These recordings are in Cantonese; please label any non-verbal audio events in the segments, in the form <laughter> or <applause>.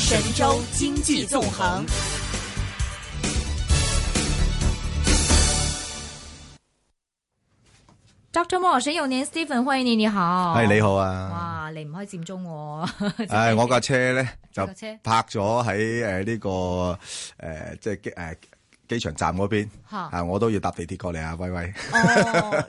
神州經濟縱橫，Dr. Moore，沈永年 Steven，歡迎你，你好，係、哎、你好啊，哇，離唔開占中，係我架車咧就拍咗喺誒呢個誒、呃這個呃、即係誒。啊機場站嗰邊，係我都要搭地鐵過嚟啊！威威，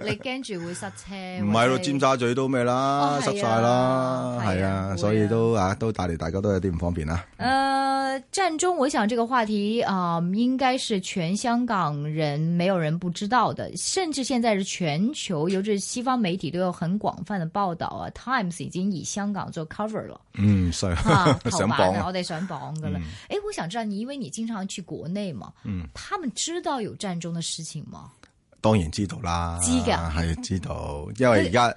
你驚住會塞車？唔係咯，尖沙咀都咩啦，塞晒啦，係啊，所以都啊都帶嚟，大家都有啲唔方便啦。誒，佔中我想呢個話題啊，應該是全香港人沒有人不知道嘅，甚至現在是全球，尤其西方媒體都有很廣泛嘅報道啊。Times 已經以香港做 cover 了，嗯，想啊，我哋上榜㗎啦。誒，我想知道你，因為你經常去國內嘛，嗯。他們知道有佔中的事情嗎？當然知道啦，知嘅，係知道，因為而家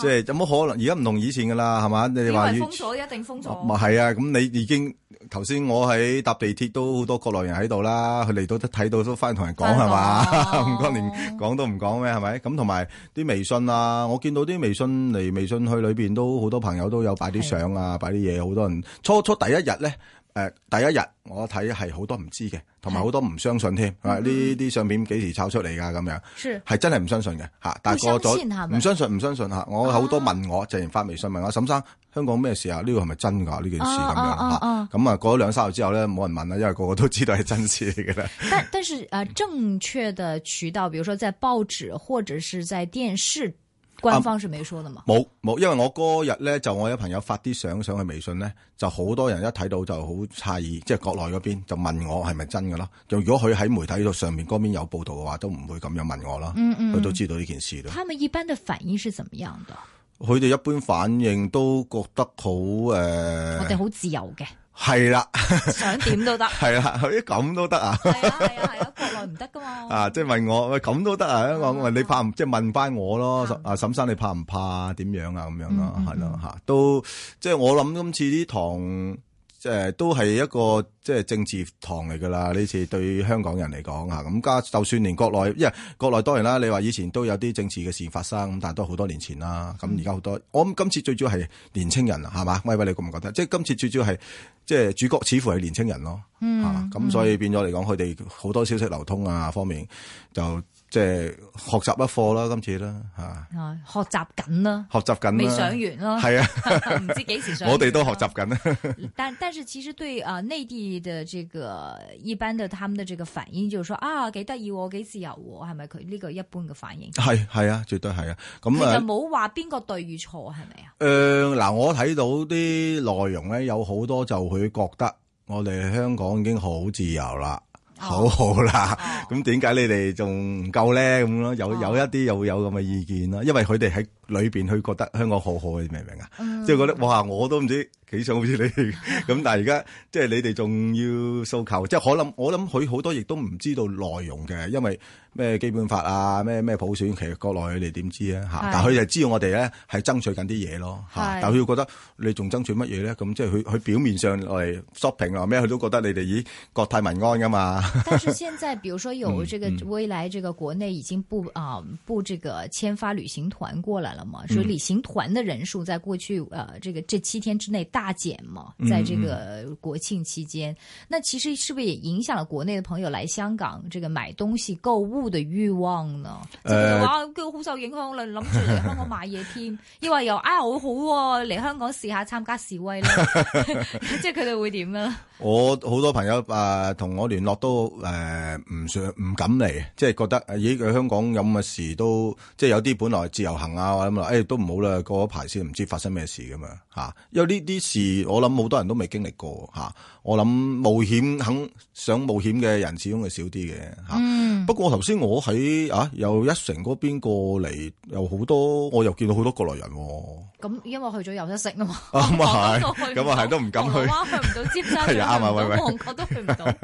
即係有冇可能？而家唔同以前噶啦，係嘛？你哋話封鎖要一定封鎖。唔係啊？咁、啊、你已經頭先我喺搭地鐵都好多國內人喺度啦，佢嚟到都睇到的吧 <laughs> 都翻同人講係嘛，唔講連講都唔講咩？係咪？咁同埋啲微信啊，我見到啲微信嚟微信去裏邊都好多朋友都有擺啲相啊，擺啲嘢，好多人初，初初第一日咧。誒，第一日我睇係好多唔知嘅，同埋好多唔相信添。啊，呢啲相片幾時炒出嚟噶？咁樣係真係唔相信嘅吓。但係過咗唔相信，唔相信吓。我好多問我，淨係發微信問我沈生，香港咩事啊？呢個係咪真噶？呢件事咁樣咁啊，過咗兩三日之後咧，冇人問啦，因為個個都知道係真事嚟嘅啦。但但是啊、呃，正確嘅渠道，比如說在報紙或者是在電視。官方是沒說的嘛？冇冇、啊，因為我嗰日咧就我有朋友發啲相上去微信咧，就好多人一睇到就好詫異，即係國內嗰邊就問我係咪真噶㗎啦？就如果佢喺媒體度上面嗰邊有報道嘅話，都唔會咁樣問我啦。佢都知道呢件事，嗯嗯。他們一般嘅反應是怎麼樣的？佢哋一般反應都覺得好誒，呃、我哋好自由嘅。係啦，想點都得。係啦， <laughs> 佢咁都得 <laughs> <laughs> 啊？係啊係啊係啊，國內唔得噶嘛。啊，即係問我，喂，咁都得啊？了我問你怕唔即係問翻我咯？啊沈啊沈生，你怕唔怕啊？點樣啊？咁樣咯，係咯吓，都即係我諗今次啲堂。誒、呃、都係一個即係政治堂嚟㗎啦！呢次對香港人嚟講嚇，咁、啊、加就算連國內，因為國內當然啦，你話以前都有啲政治嘅事發生，但係都好多年前啦。咁而家好多，我諗今次最主要係年青人嚇嘛，威威你覺唔覺得？即係今次最主要係即係主角似乎係年青人咯嚇，咁、嗯啊、所以變咗嚟講，佢哋好多消息流通啊方面就。即係學習一課啦，今次啦，吓、啊。學習緊啦，學習緊，未上完咯。係啊，唔、啊、 <laughs> 知幾時上、啊。 <laughs> 我哋都學習緊啦。 <laughs> 但但是其實對、這個、啊，內地的這個一般的他們的這個反應，就是說啊，幾得意喎，幾自由，我係咪佢呢個一般嘅反應？係係啊，絕對係啊。咁啊，其實冇話邊個對與錯，係咪啊？誒、呃，嗱，我睇到啲內容咧，有好多就會覺得我哋香港已經好自由啦。好好啦，咁點解你哋仲唔夠咧？咁咯、嗯，有有一啲又會有咁嘅意見啦，因為佢哋喺，裏邊佢覺得香港好好你明唔明啊？嗯、即係覺得哇，我都唔知幾想好似你咁。但係而家即係你哋仲要訴求，即係可能我諗佢好多亦都唔知道內容嘅，因為咩基本法啊，咩咩普選，其實國內你哋點知啊？嚇是，但佢就知道我哋咧係爭取緊啲嘢咯是但係佢覺得你仲爭取乜嘢咧？咁即係佢佢表面上嚟 shopping 啊咩，佢都覺得你哋已國泰民安㗎嘛。但是現在，比如說有這個未來，這個國內已經不啊不這個簽發旅行團過嚟。嗯嗯嗯咁旅行團的人數在過去，誒、嗯，這個這七天之內大減嘛。在這個國慶期間，那其實是不是也影響了國內的朋友來香港這個買東西購物的欲望呢？咁嘅話，好、 <laughs> 啊、受影響啦。諗住嚟香港買嘢添，因為又啊好好嚟香港試下參加示威啦。即係佢哋會點呢、啊？我好多朋友誒，同、呃、我聯絡都誒唔上唔敢嚟，即、就、係、是、覺得咦，佢、呃呃、香港有乜事都，即、就、係、是、有啲本來自由行啊。咁啊，誒，都唔好啦，過一排先，唔知發生咩事噶嘛，吓，因為呢啲事我諗好多人都未經歷過吓，我諗冒險肯想冒險嘅人始終係少啲嘅，吓。不過頭先我喺啊，又一城嗰邊過嚟，有好多，我又見到好多國內人。咁因為去咗又一城啊嘛，咁啊係，咁啊係都唔敢去，去唔到尖沙咀，去唔到旺角都去唔到，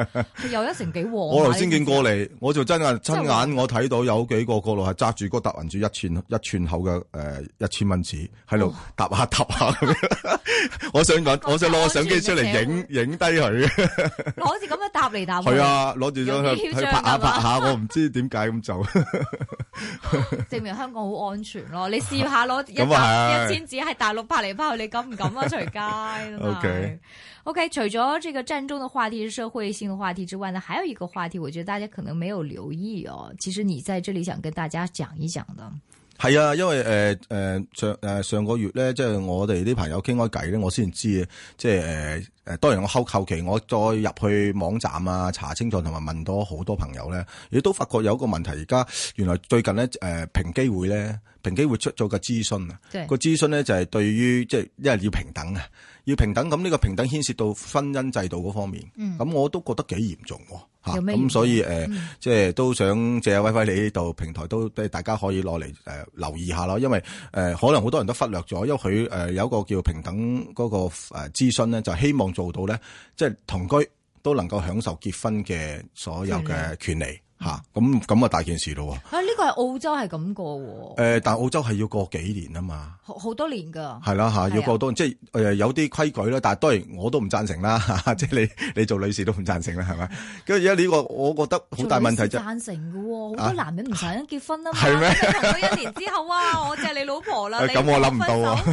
又一城幾旺。我頭先見過嚟，我就真係親眼我睇到有幾個國內人揸住個達雲住一寸一寸厚嘅。誒，一千蚊紙喺度搭下揼下，我想我想攞個相機出嚟影影低佢。攞住咁樣搭嚟搭去，係啊，攞住張相去拍下拍下，我唔知點解咁走。證明香港好安全咯，你試下攞一一千紙喺大陸拍嚟拍去，你敢唔敢啊？隨街。O K O K，除咗這個佔中嘅話題、社會性嘅話題之外呢，還有一個話題，我覺得大家可能沒有留意哦。其實你在這裏想跟大家講一講的。係啊，因為誒誒、呃、上誒、呃、上個月咧，即係我哋啲朋友傾開偈咧，我先知啊。即係誒誒，當然我後後期我再入去網站啊，查清楚同埋問多好多朋友咧，亦都發覺有一個問題。而家原來最近咧誒，平機會咧。平機會出咗個諮詢啊，個諮詢咧就係對於即係，因為要平等啊，要平等咁呢個平等牽涉到婚姻制度嗰方面，咁我都覺得幾嚴重吓，咁所以誒，即係都想借阿威威你呢度平台都俾大家可以攞嚟誒留意下咯，因為誒可能好多人都忽略咗，因為佢誒有一個叫平等嗰個誒諮詢咧，就希望做到咧，即係同居都能夠享受結婚嘅所有嘅權利。吓咁咁啊大件事咯喎！呢個係澳洲係咁過喎。誒、欸，但係澳洲係要過幾年啊嘛，好多年噶。係啦吓，要過多、啊、即係誒、呃、有啲規矩啦，但係當然我都唔贊成啦、啊、即係你你做女士都唔贊成啦，係咪？跟住而家呢個我覺得好大問題就贊成噶、啊，好多男人唔想結婚啦，係咩？同佢一年之後啊，啊啊我就係你老婆啦，咁、 <laughs> 啊、我諗唔到啊！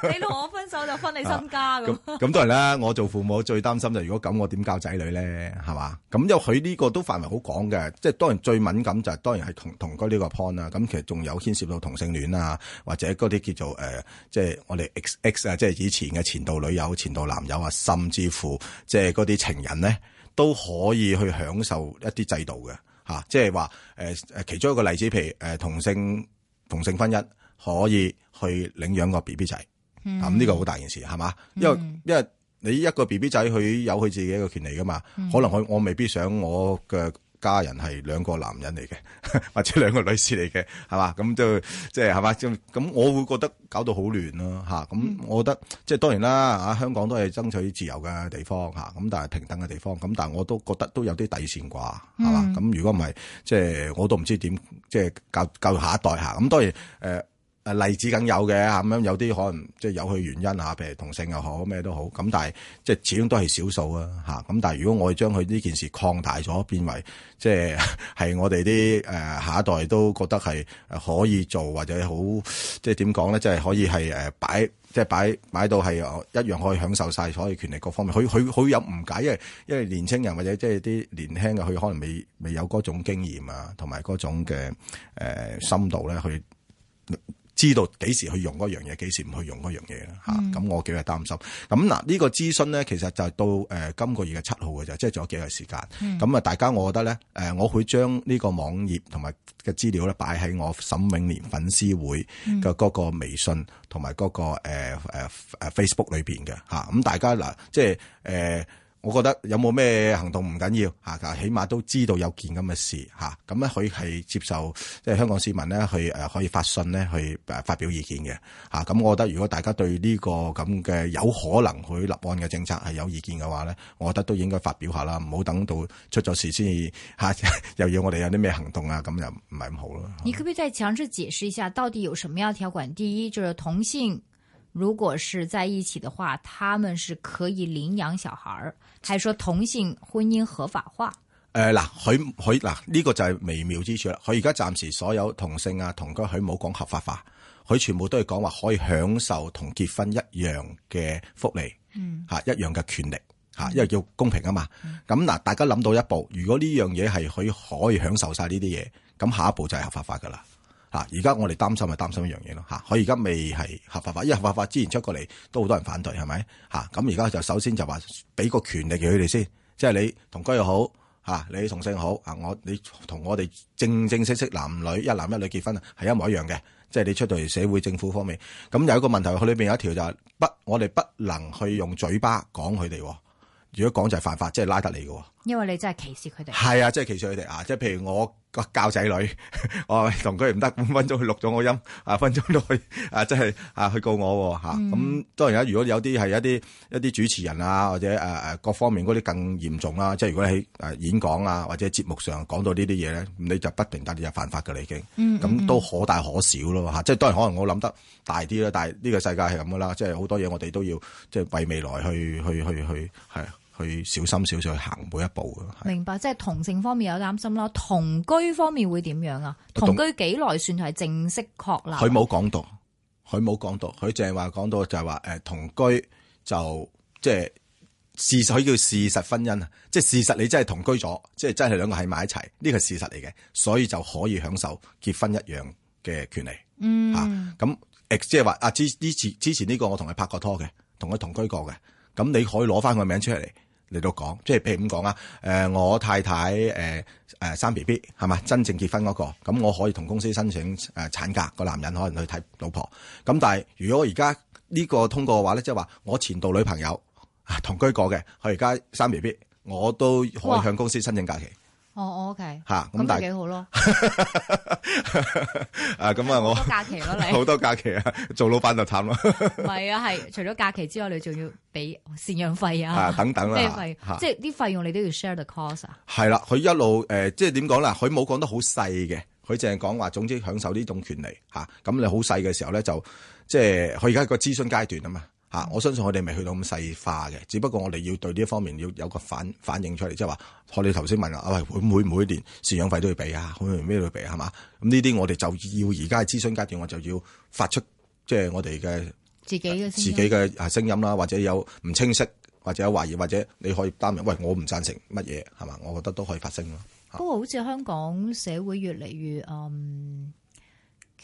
<laughs> <laughs> 你同我分手就分你身家咁。咁、啊啊、當然啦，我做父母最擔心就係、如果咁，我點教仔女咧？係嘛？咁又佢呢個都範圍好廣嘅，即係。當然最敏感就係、是、當然係同同居呢個 point 啦。咁其實仲有牽涉到同性戀啊，或者嗰啲叫做誒，即、呃、係、就是、我哋 X X 啊，即係以前嘅前度女友、前度男友啊，甚至乎即係嗰啲情人咧，都可以去享受一啲制度嘅嚇，即係話誒誒，其中一個例子，譬如誒同性同性婚姻可以去領養個 B B 仔，咁呢個好大件事係嘛？因為、嗯、因為你一個 B B 仔佢有佢自己一個權利㗎嘛，可能我我未必想我嘅家人係兩個男人嚟嘅， <laughs> 或者兩個女士嚟嘅，係嘛？咁就即係係嘛？咁、即係、我會覺得搞到好亂咯、啊、嚇。咁我覺得即係當然啦，啊香港都係爭取自由嘅地方嚇，咁但係平等嘅地方。咁但係我都覺得都有啲底線啩，係嘛？咁如果唔係，即係我都唔知點即係教教育下一代嚇。咁、啊、當然誒。呃誒例子梗有嘅咁樣，有啲可能即係有佢原因嚇，譬如同性又好咩都好。咁但係即係始終都係少數啊嚇。咁但係如果我哋將佢呢件事擴大咗，變為即係係我哋啲誒下一代都覺得係可以做或者好即係點講咧？即係可以係誒擺，即係擺擺到係一樣可以享受晒所有權利各方面。佢佢佢有誤解，因為因為年青人或者即係啲年輕嘅，佢可能未未有嗰種經驗啊，同埋嗰種嘅誒、呃、深度咧去。知道幾時去用嗰樣嘢，幾時唔去用嗰樣嘢咧？嚇、嗯，咁、啊、我幾係擔心。咁、啊、嗱，呢、這個諮詢咧，其實就係到誒、呃、今個月嘅七號嘅就，即係仲有幾日時間。咁、嗯、啊，大家，我覺得咧，誒、呃，我會將呢個網頁同埋嘅資料咧擺喺我沈永年粉絲會嘅嗰個微信同埋嗰個誒誒、呃啊、Facebook 裏邊嘅嚇。咁、啊、大家嗱、啊，即係誒。呃我覺得有冇咩行動唔緊要嚇，起碼都知道有件咁嘅事嚇，咁咧佢係接受即係香港市民咧去誒可以發信咧去誒發表意見嘅嚇。咁、啊嗯、我覺得如果大家對呢個咁嘅有可能佢立案嘅政策係有意見嘅話咧，我覺得都應該發表下啦，唔好等到出咗事先要、啊、又要我哋有啲咩行動啊，咁又唔係咁好咯。好，你可唔可以再強制解釋一下，到底有什麼要條款？第一就係同性。如果是在一起的話，他們是可以領養小孩，還說同性婚姻合法化。誒、呃，嗱，佢佢嗱呢個就係微妙之處啦。佢而家暫時所有同性啊同居，佢冇講合法化，佢全部都係講話可以享受同結婚一樣嘅福利，吓、嗯啊、一樣嘅權力，吓、啊、因為叫公平啊嘛。咁嗱、嗯，大家諗到一步，如果呢樣嘢係佢可以享受晒呢啲嘢，咁下一步就係合法化噶啦。啊！而家我哋擔心咪擔心一樣嘢咯嚇，佢而家未係合法化，因為合法化之前出過嚟都好多人反對係咪？嚇，咁而家就首先就話俾個權利佢哋先，即係你同居又好嚇，你同性好啊，我你同我哋正正式式男女一男一女結婚係一模一樣嘅，即係你出到嚟社會政府方面，咁有一個問題佢裏邊有一條就係、是、不，我哋不能去用嘴巴講佢哋，如果講就係犯法，即係拉得你嘅喎。因為你真係歧視佢哋，係啊，真、就、係、是、歧視佢哋啊！即係譬如我教仔女， <laughs> 我同佢唔得，五分鐘佢錄咗我音，啊分鐘都去啊，即、就、係、是、啊去告我喎咁、啊、當然啦，如果有啲係一啲一啲主持人啊，或者誒誒、啊、各方面嗰啲更嚴重啦、啊，即係如果喺誒演講啊或者節目上講到呢啲嘢咧，你就不停不你，就犯法嘅啦已經，咁、啊嗯嗯、都可大可小咯嚇、啊！即係當然可能我諗得大啲啦，但係呢個世界係咁噶啦，即係好多嘢我哋都要即係為未來去去去去係啊。去小心少少去行每一步嘅，明白即係同性方面有擔心啦。同居方面會點樣啊？同居幾耐算係正式確立？佢冇講到，佢冇講到，佢淨係話講到就係話誒同居就即係事實，佢叫事實婚姻啊！即係事實，你真係同居咗，即係真係兩個喺埋一齊，呢個係事實嚟嘅，所以就可以享受結婚一樣嘅權利。嗯，嚇咁誒，即係話啊，之呢次之前呢個我同佢拍過拖嘅，同佢同居過嘅，咁你可以攞翻個名出嚟。你都講，即係譬如咁講啊，誒、呃、我太太誒誒、呃、生 B B 係嘛，真正結婚嗰、嗰個，咁我可以同公司申請誒產假，個男人可能去睇老婆。咁但係如果我而家呢個通過嘅話咧，即係話我前度女朋友、啊、同居過嘅，佢而家生 B B，我都可以向公司申請假期。哦，我、oh, OK，咁咪幾好咯。誒，咁啊，我假期咯，你好多假期啊， <laughs> <laughs> 做老闆就慘咯。唔係啊，係除咗假期之外，你仲要俾贍養費啊，啊，等等啦、啊，咩費啊、即係啲費用你都要 share the cost 啊。係啦、啊，佢一路誒、呃，即係點講咧？佢冇講得好細嘅，佢淨係講話，總之享受呢種權利吓。咁、啊、你好細嘅時候咧，就即係佢而家個諮詢階段啊嘛。啊！我相信我哋未去到咁細化嘅，只不過我哋要對呢一方面要有個反反應出嚟，即係話，我哋頭先問啊，喂，會唔會每年贍養費都要俾啊？可能咩都要俾係嘛？咁呢啲我哋就要而家諮詢階段，我就要發出即係我哋嘅自己嘅自己嘅啊聲音啦，或者有唔清晰，或者有懷疑，或者你可以擔任喂，我唔贊成乜嘢係嘛？我覺得都可以發聲咯。不過好似香港社會越嚟越啊～、嗯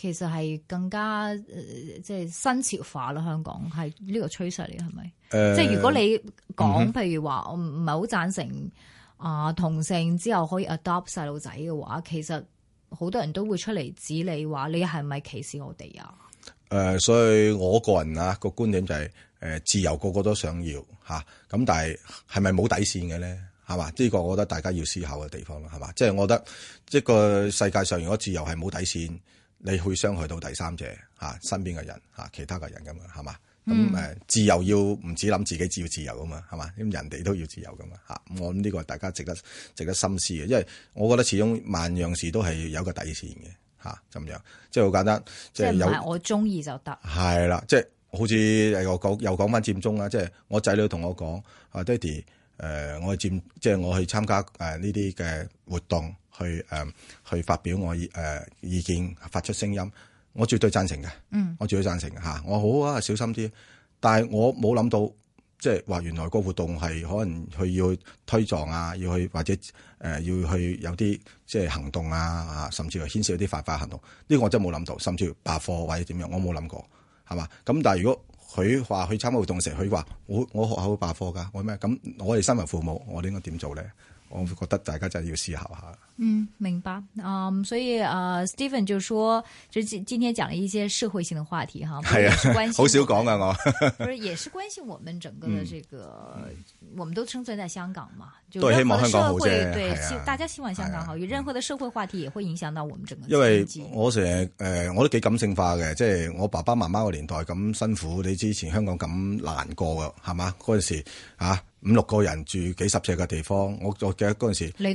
其實係更加、呃、即係新潮化咯。香港係呢個趨勢嚟，係咪？呃、即係如果你講，嗯、哼譬如話我唔係好贊成啊、呃、同性之後可以 adopt 細路仔嘅話，其實好多人都會出嚟指你話你係咪歧視我哋啊？誒、呃，所以我個人啊個觀點就係、是、誒、呃、自由個個都想要嚇咁、啊，但係係咪冇底線嘅咧？係嘛？呢、呢個我覺得大家要思考嘅地方啦，係嘛？即、就、係、是、我覺得即個世界上如果自由係冇底線。你會傷害到第三者嚇、啊，身邊嘅人嚇、啊，其他嘅人咁樣，係嘛？咁誒、嗯，自由要唔止諗自己，自要自由啊嘛，係嘛？咁人哋都要自由咁啊嚇！我諗呢、這個大家值得值得深思嘅，因為我覺得始終萬樣事都係有個底線嘅嚇，咁、啊、樣即係好簡單，即係有即我中意就得。係啦，即係好似誒我講又講返佔中啦，即係我仔女同我講啊，爹哋誒、呃，我去佔，即係我去參加誒呢啲嘅活動。去誒，去發表我誒意見，發出聲音，我絕對贊成嘅。嗯，我絕對贊成吓，我好啊，小心啲。但係我冇諗到，即係話原來個活動係可能去要推撞啊，要去或者誒、呃、要去有啲即係行動啊，甚至乎牽涉到啲犯法行動，呢、這個我真係冇諗到，甚至罷課或者點樣，我冇諗過，係嘛？咁但係如果佢話去參加活動嘅時候，佢話我我學校會罷課噶，我咩？咁我哋身為父母，我應該點做咧？我會覺得大家真係要思考下。嗯，明白，嗯、um,，所以，啊、uh, Steven 就說，就今今天講了一些社會性的話題，哈，係啊，好、啊、少講噶我，不是、啊， <laughs> 也是關心我們整個的這個，嗯、我們都生存在香港嘛，對，希望香港好會，對，嗯、大家希望香港好，有任何的社會的話題也會影響到我們整個，因為我，我成日，誒，我都幾感性化嘅，即、就、係、是、我爸爸媽媽個年代咁辛苦，你之前香港咁難過噶，係嘛？嗰陣時，吓五六個人住幾十尺嘅地方，我我記得嗰陣時，時，你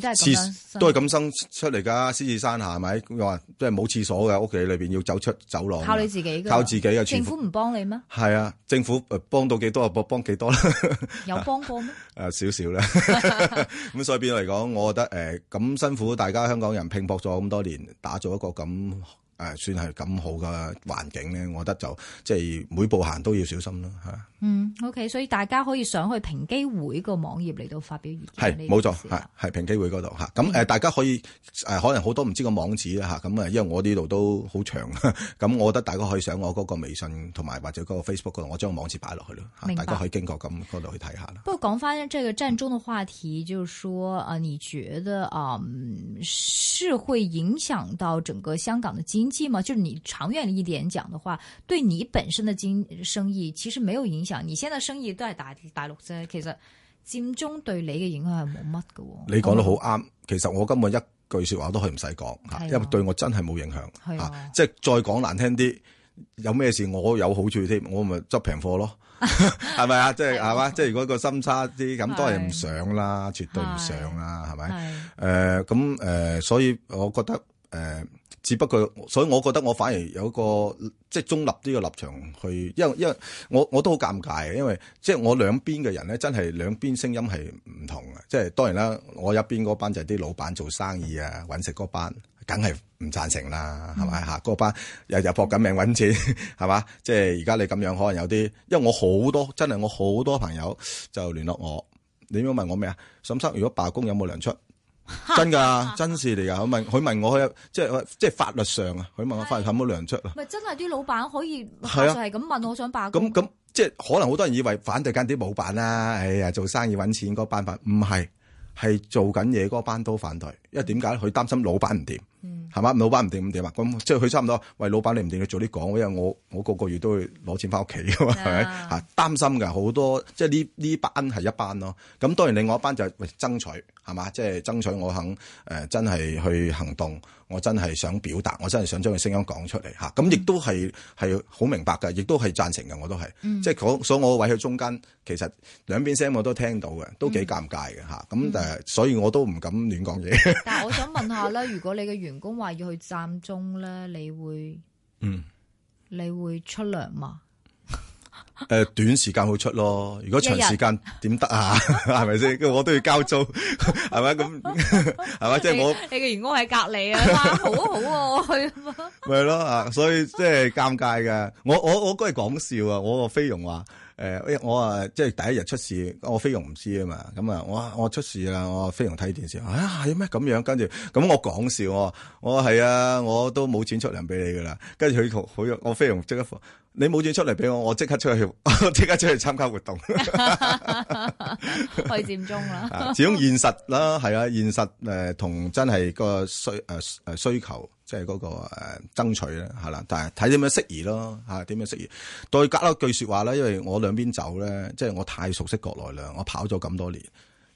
都係咁。出嚟噶獅子山下係咪？我話、啊、即係冇廁所嘅屋企裏邊要走出走廊，靠你自己，靠自己啊！政府唔幫你咩？係 <laughs> 啊，政府幫到幾多啊？就幫幾多啦？有幫過咩？誒，少少啦。咁 <laughs> <laughs> 所以變咗嚟講，我覺得誒咁、呃、辛苦，大家香港人拼搏咗咁多年，打造一個咁誒、呃，算係咁好嘅環境咧。我覺得就即係每步行都要小心啦吓。啊嗯，OK，所以大家可以上去平機會個網頁嚟到發表意見，係冇錯，係係平機會嗰度吓，咁、啊、誒，嗯、大家可以誒、啊，可能好多唔知個網址咧吓，咁啊，因為我呢度都好長，咁、啊啊、我覺得大家可以上我嗰個微信同埋或者嗰個 Facebook 嗰度，我將個網址擺落去咯，啊、白大家可以經過咁嗰度去睇下啦。不過講翻呢個佔中嘅話題，就是說、嗯、啊，你覺得啊、嗯，是會影響到整個香港嘅經濟嘛？就是、你長遠一點講的話，對你本身嘅經生意其實沒有影響。而且個商業都係大大陸啫。其實佔中對你嘅影響係冇乜㗎。你講得好啱。其實我根本一句說話都可以唔使講吓，的因為對我真係冇影響吓的、啊。即係再講難聽啲，有咩事我有好處添，我咪執平貨咯，係咪啊？即係係嘛？即係的如果個心差啲咁，都係唔想啦，絕對唔想啦，係咪？誒，咁誒，所以我覺得誒。呃只不過，所以我覺得我反而有個即係中立啲嘅立場去，因為因為我我都好尷尬嘅，因為即係我兩邊嘅人咧，真係兩邊聲音係唔同嘅。即係當然啦，我一邊嗰班就係啲老闆做生意啊揾食嗰班，梗係唔贊成啦，係咪嚇？嗰、嗯、班日日搏緊命揾錢，係嘛？即係而家你咁樣可能有啲，因為我好多真係我好多朋友就聯絡我，你點解問我咩啊？沈生，如果罷工有冇糧出？真噶，真事嚟噶。佢問，佢問我，即係即係法律上啊。佢問我的法律冇乜糧出啊。咪真係啲老闆可以係啊，係咁的問，問我想辦。咁咁，即係可能好多人以為反對間啲老闆啦。哎呀，做生意搵錢嗰辦法唔係。係做緊嘢嗰班都反對，因為點解？佢擔心老闆唔掂，係嘛、嗯？老闆唔掂，唔掂啊！咁即係佢差唔多，喂，老闆你唔掂，你早啲講，因為我我個個月都會攞錢翻屋企嘅嘛，係咪啊？嗯、擔心嘅好多，即係呢呢班係一班咯。咁當然另外一班就係、喂爭取係嘛，即係爭取我肯誒、呃、真係去行動。我真係想表達，我真係想將個聲音講出嚟吓，咁亦都係係好明白噶，亦都係贊成噶，我都係，嗯、即係講，所以我位喺中間，其實兩邊聲我都聽到嘅，都幾尷尬嘅吓，咁誒、嗯啊，所以我都唔敢亂講嘢。嗯、 <laughs> 但係我想問下咧，如果你嘅員工話要去佔中咧，你會，嗯、你會出糧嘛？誒、呃，短時間會出咯，如果長時間點得啊？係咪先？我都要交租，係咪咁？係嘛 <laughs> 沒，即係我你嘅員工喺隔籬啊，好好啊，我去啊嘛。係咯啊，所以即係、就是、尷尬嘅。 <laughs> 我我我都係講笑啊，我個菲傭話。誒、呃，我啊，即係第一日出事，我菲傭唔知啊嘛，咁啊，我我出事啦，我菲傭睇電視，啊係咩咁樣？跟住咁我講笑，我話係啊，我都冇錢出糧俾你噶啦，跟住佢同我菲傭即刻，你冇錢出嚟俾我，我即刻出去，即刻出去參加活動，去佔中啦，始終現實啦，係啊，現實誒，同、啊、真係個需誒誒需求。即係嗰個誒爭取咧，係啦，但係睇點樣適宜咯嚇，點樣適宜。再加多一句説話啦，因為我兩邊走咧，即係我太熟悉國內啦。我跑咗咁多年，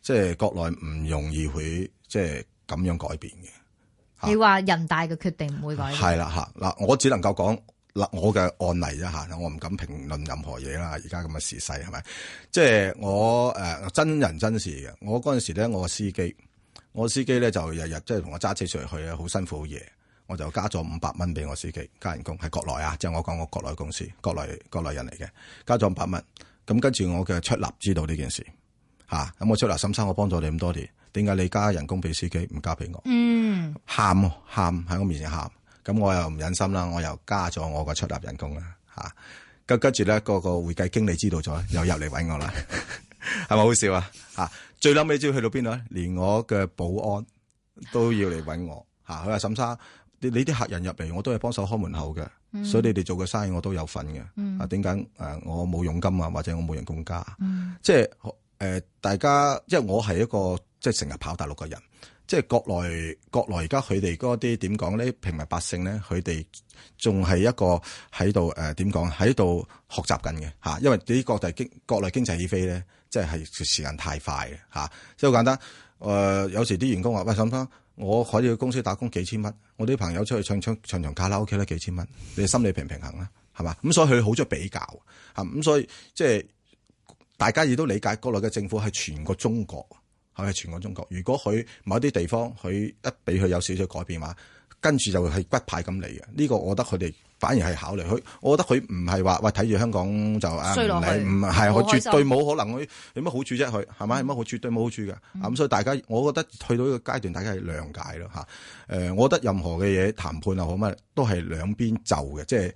即係國內唔容易會即係咁樣改變嘅。你話人大嘅決定唔會改，係啦嚇嗱，我只能夠講嗱我嘅案例一吓，我唔敢評論任何嘢啦。而家咁嘅時勢係咪？即係我誒真人真事嘅。我嗰陣時咧，我個司機，我司機咧就日日即係同我揸車出嚟去啊，好辛苦好夜。我就加咗五百蚊俾我司機加人工，係國內啊，即、就、係、是、我講我國內公司，國內國內人嚟嘅，加咗五百蚊。咁跟住我嘅出納知道呢件事，吓，咁我出納沈生，我幫咗你咁多年，點解你加人工俾司機唔加俾我？嗯、mm.，喊喊喺我面前喊，咁我又唔忍心啦，我又加咗我個出納人工啦，吓、啊。咁跟住咧，個個會計經理知道咗，又入嚟搵我啦，係 <laughs> 咪是 <laughs> 好笑啊？吓，最撈尾知去到邊度咧？連我嘅保安都要嚟搵我，吓，佢話沈生。你啲客人入嚟，我都係幫手開門口嘅，嗯、所以你哋做嘅生意我都有份嘅，嗯啊。啊，點解？誒，我冇佣金啊，或者我冇人工加、啊。嗯、即係誒、呃，大家，因為我係一個即係成日跑大陸嘅人，即係國內國內而家佢哋嗰啲點講咧，呢平民百姓咧，佢哋仲係一個喺度誒，點講喺度學習緊嘅吓。因為啲國際經國內經濟起飛咧，即係係時間太快嘅吓。即係好簡單，誒、呃，有時啲員工話喂，沈生。我可以去公司打工幾千蚊，我啲朋友出去唱唱唱場卡拉 OK 咧幾千蚊，你心理平唔平衡啦，係嘛？咁所以佢好中意比較啊，咁所以即係大家亦都理解國內嘅政府係全個中國，係全個中國。如果佢某啲地方佢一俾佢有少少改變話，跟住就係骨牌咁嚟嘅。呢個我覺得佢哋。反而係考慮佢，我覺得佢唔係話，喂睇住香港就啊唔理，唔係，佢絕對冇可能佢有乜好處啫，佢係咪有乜好處？絕對冇好處嘅。咁所以大家，我覺得去到呢個階段，大家係諒解咯嚇。誒、呃，我覺得任何嘅嘢談判啊，好乜都係兩邊就嘅，即係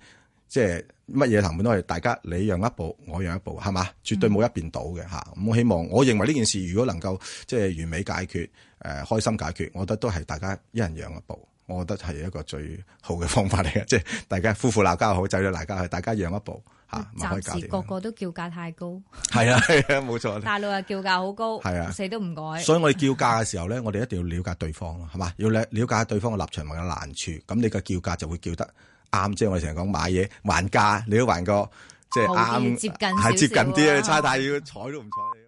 即係乜嘢談判都係大家你讓一步，我讓一步，係嘛？絕對冇一邊倒嘅嚇。咁、嗯、我希望，我認為呢件事如果能夠即係完美解決，誒、呃、開心解決，我覺得都係大家一人讓一人讓一人讓一步。我覺得係一個最好嘅方法嚟嘅，即係大家夫婦鬧交好，仔女鬧交，大家讓一步吓，唔開價。暫時個個都叫價太高，係啊係啊，冇錯。大陸又叫價好高，係啊，死都唔改。所以我哋叫價嘅時候咧，我哋一定要了解對方咯，係嘛？要了解對方嘅立場同埋難處，咁你個叫價就會叫得啱。即係我哋成日講買嘢還價，你都還個即係啱，接近係接近啲啊，猜太要睬都唔睬。